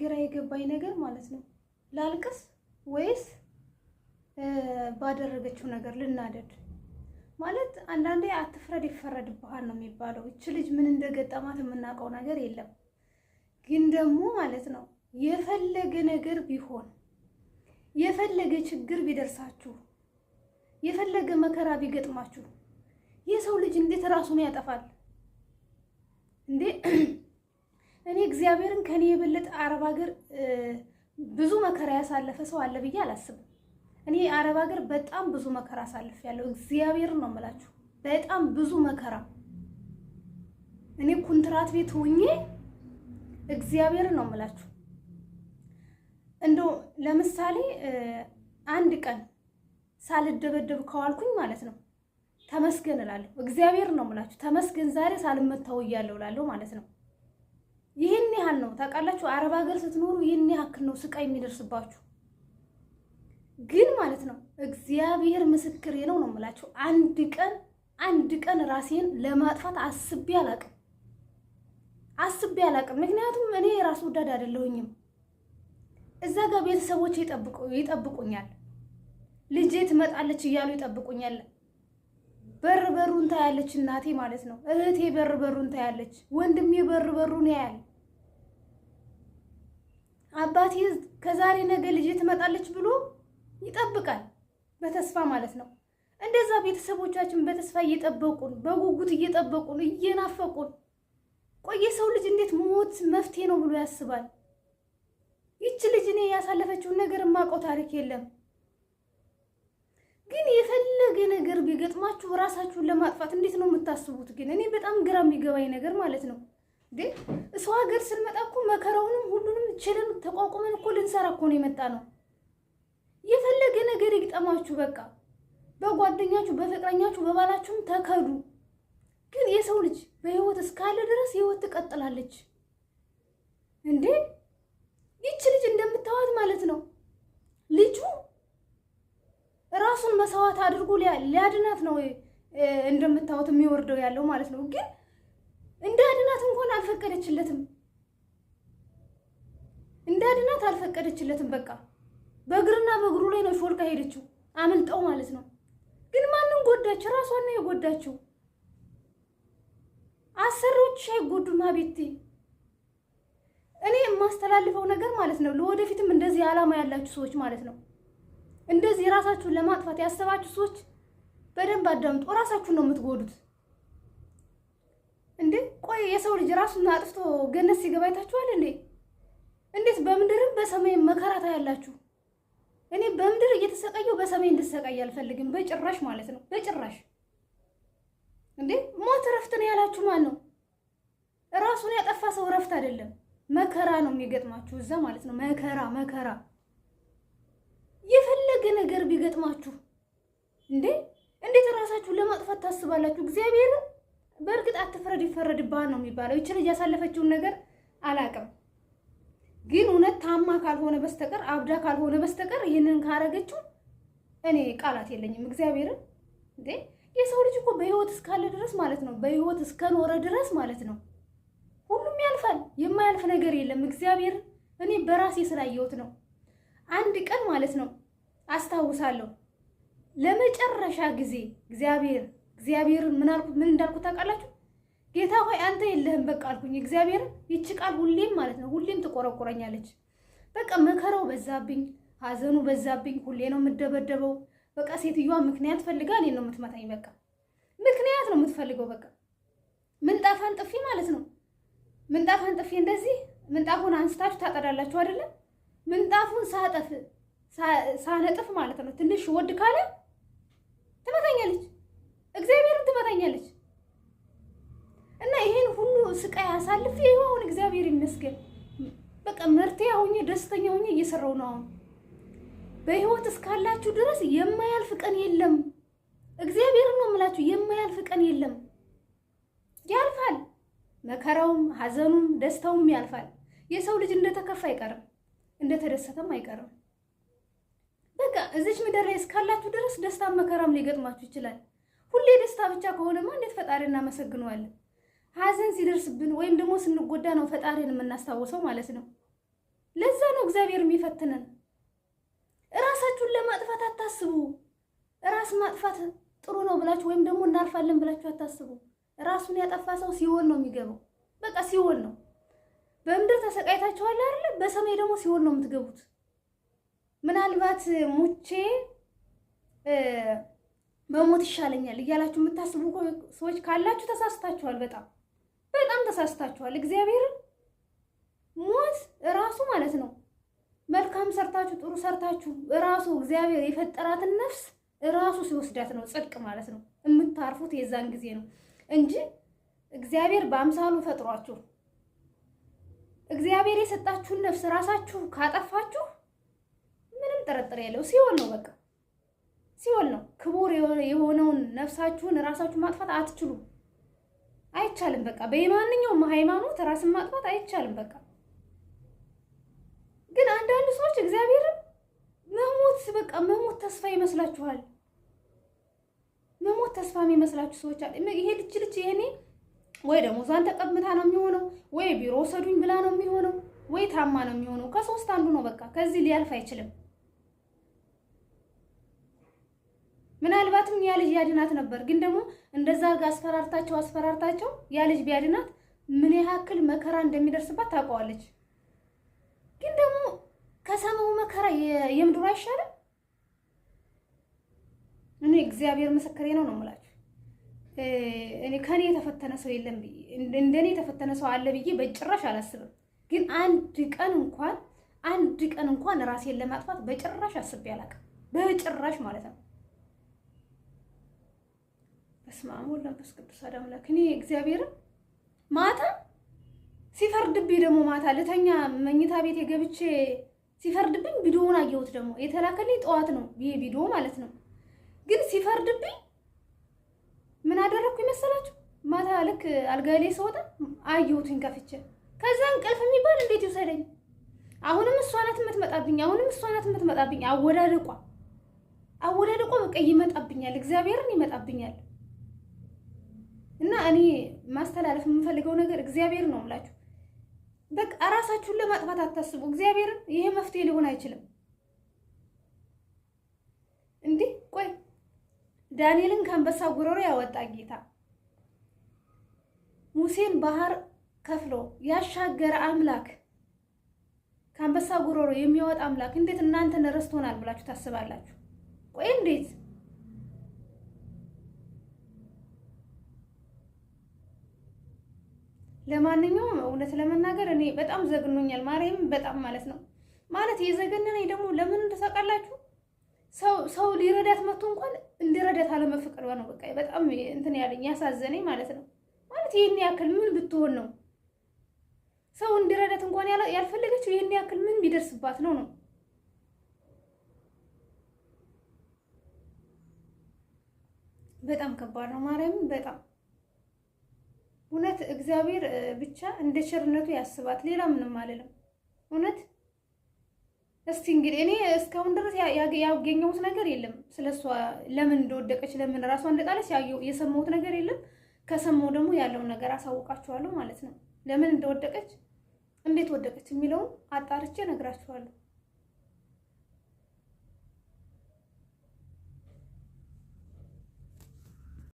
ግራ የገባኝ ነገር ማለት ነው ላልቅስ ወይስ ባደረገችው ነገር ልናደድ? ማለት አንዳንዴ አትፍረድ ይፈረድብሃል ነው የሚባለው። እች ልጅ ምን እንደገጠማት የምናውቀው ነገር የለም። ግን ደግሞ ማለት ነው የፈለገ ነገር ቢሆን የፈለገ ችግር ቢደርሳችሁ የፈለገ መከራ ቢገጥማችሁ የሰው ልጅ እንዴት ራሱን ያጠፋል እንዴ? እኔ እግዚአብሔርን ከኔ የበለጠ አረብ ሀገር ብዙ መከራ ያሳለፈ ሰው አለ ብዬ አላስብም። እኔ አረብ ሀገር በጣም ብዙ መከራ አሳልፍ ያለው እግዚአብሔርን ነው የምላችሁ። በጣም ብዙ መከራ እኔ ኩንትራት ቤት ሆኜ እግዚአብሔርን ነው የምላችሁ። እንደው ለምሳሌ አንድ ቀን ሳልደበደብ ከዋልኩኝ ማለት ነው ተመስገን እላለሁ። እግዚአብሔር ነው የምላችሁ። ተመስገን ዛሬ ሳልመታው እያለሁ እላለሁ ማለት ነው። ይህን ያህል ነው ታውቃላችሁ። አረብ ሀገር ስትኖሩ ይህን ያህል ነው ስቃይ የሚደርስባችሁ። ግን ማለት ነው እግዚአብሔር ምስክር ነው ነው የምላችሁ። አንድ ቀን አንድ ቀን ራሴን ለማጥፋት አስቤ አላቅም አስቤ አላቅም። ምክንያቱም እኔ ራስ ወዳድ አይደለሁኝም። እዛ ጋር ቤተሰቦች ይጠብቁኛል። ልጄ ትመጣለች እያሉ ይጠብቁኛል። በር በሩን ታያለች እናቴ ማለት ነው። እህቴ በር በሩን ታያለች። ወንድሜ በር በሩን ያያል። አባቴ ከዛሬ ነገ ልጅ ትመጣለች ብሎ ይጠብቃል፣ በተስፋ ማለት ነው። እንደዛ ቤተሰቦቻችን በተስፋ እየጠበቁን በጉጉት እየጠበቁን እየናፈቁን፣ ቆይ የሰው ልጅ እንዴት ሞት መፍትሄ ነው ብሎ ያስባል? ይቺ ልጅ እኔ ያሳለፈችውን ነገር የማውቀው ታሪክ የለም። ግን የፈለገ ነገር ቢገጥማችሁ ራሳችሁን ለማጥፋት እንዴት ነው የምታስቡት? ግን እኔ በጣም ግራ የሚገባኝ ነገር ማለት ነው። ግን እሰው ሀገር ስንመጣ እኮ መከራውንም ሁሉንም ችልን ተቋቁመን እኮ ልንሰራ እኮ ነው የመጣ ነው። የፈለገ ነገር ይግጠማችሁ፣ በቃ በጓደኛችሁ፣ በፍቅረኛችሁ፣ በባላችሁም ተከዱ። ግን የሰው ልጅ በህይወት እስካለ ድረስ ህይወት ትቀጥላለች። እንዴ ይቺ ልጅ እንደምታዋት ማለት ነው ልጁ ራሱን መሰዋት አድርጎ ሊያድናት ነው እንደምታወት የሚወርደው ያለው ማለት ነው። ግን እንደ አድናት እንኳን አልፈቀደችለትም። እንዳድናት አልፈቀደችለትም። በቃ በእግርና በእግሩ ላይ ነው ሾልካ ሄደችው፣ አምልጠው ማለት ነው። ግን ማንም ጎዳች? ራሷን ነው የጎዳችው። አሰሪዎች አይጎዱም። አቤቴ እኔ የማስተላልፈው ነገር ማለት ነው ለወደፊትም እንደዚህ ዓላማ ያላችሁ ሰዎች ማለት ነው እንደዚህ ራሳችሁን ለማጥፋት ያሰባችሁ ሰዎች በደንብ አዳምጡ። ራሳችሁን ነው የምትጎዱት። እንዴ ቆይ የሰው ልጅ ራሱን አጥፍቶ ገነት ሲገባ አይታችኋል እንዴ? እንዴት በምድርም በሰማይም መከራ ታያላችሁ? እኔ በምድር እየተሰቃየሁ በሰማይ እንድሰቃይ አልፈልግም፣ በጭራሽ ማለት ነው። በጭራሽ እንዴ! ሞት እረፍት ነው ያላችሁ ማን ነው? ራሱን ያጠፋ ሰው እረፍት አይደለም መከራ ነው የሚገጥማችሁ እዛ ማለት ነው። መከራ መከራ፣ የፈለገ ነገር ቢገጥማችሁ እንዴ! እንዴት እራሳችሁን ለማጥፋት ታስባላችሁ? እግዚአብሔርን በእርግጥ አትፍረድ ይፈረድባ ነው የሚባለው። ይች ልጅ ያሳለፈችውን ነገር አላውቅም። ግን እውነት ታማ ካልሆነ በስተቀር አብዳ ካልሆነ በስተቀር ይህንን ካረገችው እኔ ቃላት የለኝም። እግዚአብሔርን እንዴ የሰው ልጅ እኮ በህይወት እስካለ ድረስ ማለት ነው፣ በህይወት እስከኖረ ድረስ ማለት ነው፣ ሁሉም ያልፋል። የማያልፍ ነገር የለም። እግዚአብሔር እኔ በራሴ ስላየሁት ነው። አንድ ቀን ማለት ነው አስታውሳለሁ ለመጨረሻ ጊዜ እግዚአብሔር እግዚአብሔር ምን አልኩት? ምን እንዳልኩት ታውቃላችሁ? ጌታ ሆይ አንተ የለህም በቃ አልኩኝ። እግዚአብሔር ይቺ ቃል ሁሌም ማለት ነው ሁሌም ትቆረቆረኛለች። በቃ መከራው በዛብኝ፣ ሀዘኑ በዛብኝ። ሁሌ ነው የምደበደበው። በቃ ሴትዮዋ ምክንያት ፈልጋ እኔን ነው የምትመታኝ። በቃ ምክንያት ነው የምትፈልገው። በቃ ምንጣፋን ጥፊ ማለት ነው ምንጣፋን ጥፊ። እንደዚህ ምንጣፉን አንስታችሁ ታጠዳላችሁ አይደለም? ምንጣፉን ሳጠፍ ሳነጥፍ ማለት ነው ትንሽ ወድ ካለ ትመታኛለች። አሳልፌ ይኸው አሁን እግዚአብሔር ይመስገን በቃ መርቴ አሁን ደስተኛ ሆኜ እየሰራው ነው። አሁን በህይወት እስካላችሁ ድረስ የማያልፍ ቀን የለም። እግዚአብሔር ነው የምላችሁ፣ የማያልፍ ቀን የለም። ያልፋል። መከራውም፣ ሀዘኑም ደስታውም ያልፋል። የሰው ልጅ እንደተከፋ አይቀርም፣ እንደተደሰተም አይቀርም። በቃ እዚች ምድር ላይ እስካላችሁ ድረስ ደስታም መከራም ሊገጥማችሁ ይችላል። ሁሌ ደስታ ብቻ ከሆነማ እንዴት ፈጣሪ እናመሰግነዋለን? ሀዘን ሲደርስብን ወይም ደግሞ ስንጎዳ ነው ፈጣሪን የምናስታውሰው ማለት ነው። ለዛ ነው እግዚአብሔር የሚፈትነን። እራሳችሁን ለማጥፋት አታስቡ። ራስ ማጥፋት ጥሩ ነው ብላችሁ ወይም ደግሞ እናርፋለን ብላችሁ አታስቡ። ራሱን ያጠፋ ሰው ሲሆን ነው የሚገባው። በቃ ሲሆን ነው። በምድር ተሰቃይታችኋል አይደለ? በሰማይ ደግሞ ሲሆን ነው የምትገቡት። ምናልባት ሙቼ በሞት ይሻለኛል እያላችሁ የምታስቡ ሰዎች ካላችሁ ተሳስታችኋል በጣም በጣም ተሳስታችኋል። እግዚአብሔርን ሞት እራሱ ማለት ነው መልካም ሰርታችሁ ጥሩ ሰርታችሁ እራሱ እግዚአብሔር የፈጠራትን ነፍስ እራሱ ሲወስዳት ነው ጽድቅ ማለት ነው። የምታርፉት የዛን ጊዜ ነው እንጂ እግዚአብሔር በአምሳሉ ፈጥሯችሁ እግዚአብሔር የሰጣችሁን ነፍስ ራሳችሁ ካጠፋችሁ ምንም ጥርጥር የለው ሲሆን ነው በቃ ሲሆን ነው። ክቡር የሆነውን ነፍሳችሁን ራሳችሁ ማጥፋት አትችሉም። አይቻልም። በቃ በማንኛውም ሃይማኖት ራስን ማጥፋት አይቻልም። በቃ ግን አንዳንድ ሰዎች እግዚአብሔር መሞት በቃ መሞት ተስፋ ይመስላችኋል። መሞት ተስፋ የሚመስላችሁ ሰዎች አለ። ይሄ ልጅ ልጅ ይሄኔ ወይ ደግሞ እዛን ተቀምታ ነው የሚሆነው፣ ወይ ቢሮ ወሰዱኝ ብላ ነው የሚሆነው፣ ወይ ታማ ነው የሚሆነው። ከሶስት አንዱ ነው በቃ ከዚህ ሊያልፍ አይችልም። ምናልባትም ያ ልጅ ያድናት ነበር። ግን ደግሞ እንደዛ አርጋ አስፈራርታቸው አስፈራርታቸው ያ ልጅ ቢያድናት ምን ያክል መከራ እንደሚደርስባት ታውቀዋለች። ግን ደግሞ ከሰማው መከራ የምድሩ አይሻልም። እኔ እግዚአብሔር ምስክሬ ነው ነው የምላችሁ። እኔ ከኔ የተፈተነ ሰው የለም ብዬ እንደኔ የተፈተነ ሰው አለ ብዬ በጭራሽ አላስብም። ግን አንድ ቀን እንኳን አንድ ቀን እንኳን ራሴን ለማጥፋት በጭራሽ አስቤ አላውቅም። በጭራሽ ማለት ነው። በስመ አብ ወወልድ ወመንፈስ ቅዱስ አሐዱ አምላክ። እኔ እግዚአብሔርን ማታ ሲፈርድብኝ ደግሞ ማታ ልተኛ መኝታ ቤት የገብቼ ሲፈርድብኝ ቪዲዮውን አየሁት። ደግሞ የተላከልኝ ጠዋት ነው ይሄ ቪዲዮ ማለት ነው። ግን ሲፈርድብኝ ምን አደረግኩ ይመሰላችሁ? ማታ ልክ አልጋሌ ስወጣ አየሁትኝ ከፍቼ። ከዛ እንቅልፍ የሚባል እንዴት ይውሰደኝ? አሁንም እሷ ናት የምትመጣብኝ፣ አሁንም እሷ ናት የምትመጣብኝ። አወዳደቋ አወዳደቋ በቃ ይመጣብኛል፣ እግዚአብሔርን ይመጣብኛል። እና እኔ ማስተላለፍ የምፈልገው ነገር እግዚአብሔር ነው የምላችሁ። በቃ አራሳችሁን ለማጥፋት አታስቡ። እግዚአብሔር ይሄ መፍትሄ ሊሆን አይችልም። እንዲህ ቆይ ዳንኤልን ከአንበሳ ጉሮሮ ያወጣ ጌታ ሙሴን ባህር ከፍሎ ያሻገረ አምላክ ከአንበሳ ጉሮሮ የሚያወጣ አምላክ እንዴት እናንተን ረስቶናል ብላችሁ ታስባላችሁ? ቆይ እንዴት ለማንኛውም እውነት ለመናገር እኔ በጣም ዘግኖኛል፣ ማርያም በጣም ማለት ነው። ማለት የዘገነነኝ ደግሞ ለምን እንደታውቃላችሁ ሰው ሊረዳት መጥቶ እንኳን እንዲረዳት አለመፈቀዷ ነው። በቃ በጣም እንትን ያለኝ ያሳዘነኝ ማለት ነው። ማለት ይህን ያክል ምን ብትሆን ነው ሰው እንዲረዳት እንኳን ያልፈለገችው? ይህን ያክል ምን ቢደርስባት ነው ነው በጣም ከባድ ነው። ማርያም በጣም እውነት እግዚአብሔር ብቻ እንደ ቸርነቱ ያስባት። ሌላ ምንም አልልም። እውነት እስቲ እንግዲህ እኔ እስካሁን ድረስ ያገኘሁት ነገር የለም ስለሷ ለምን እንደወደቀች ለምን ራሷ እንደጣለች የሰማሁት ነገር የለም። ከሰማሁ ደግሞ ያለውን ነገር አሳውቃችኋለሁ ማለት ነው። ለምን እንደወደቀች እንዴት ወደቀች የሚለውን አጣርቼ ነግራችኋለሁ።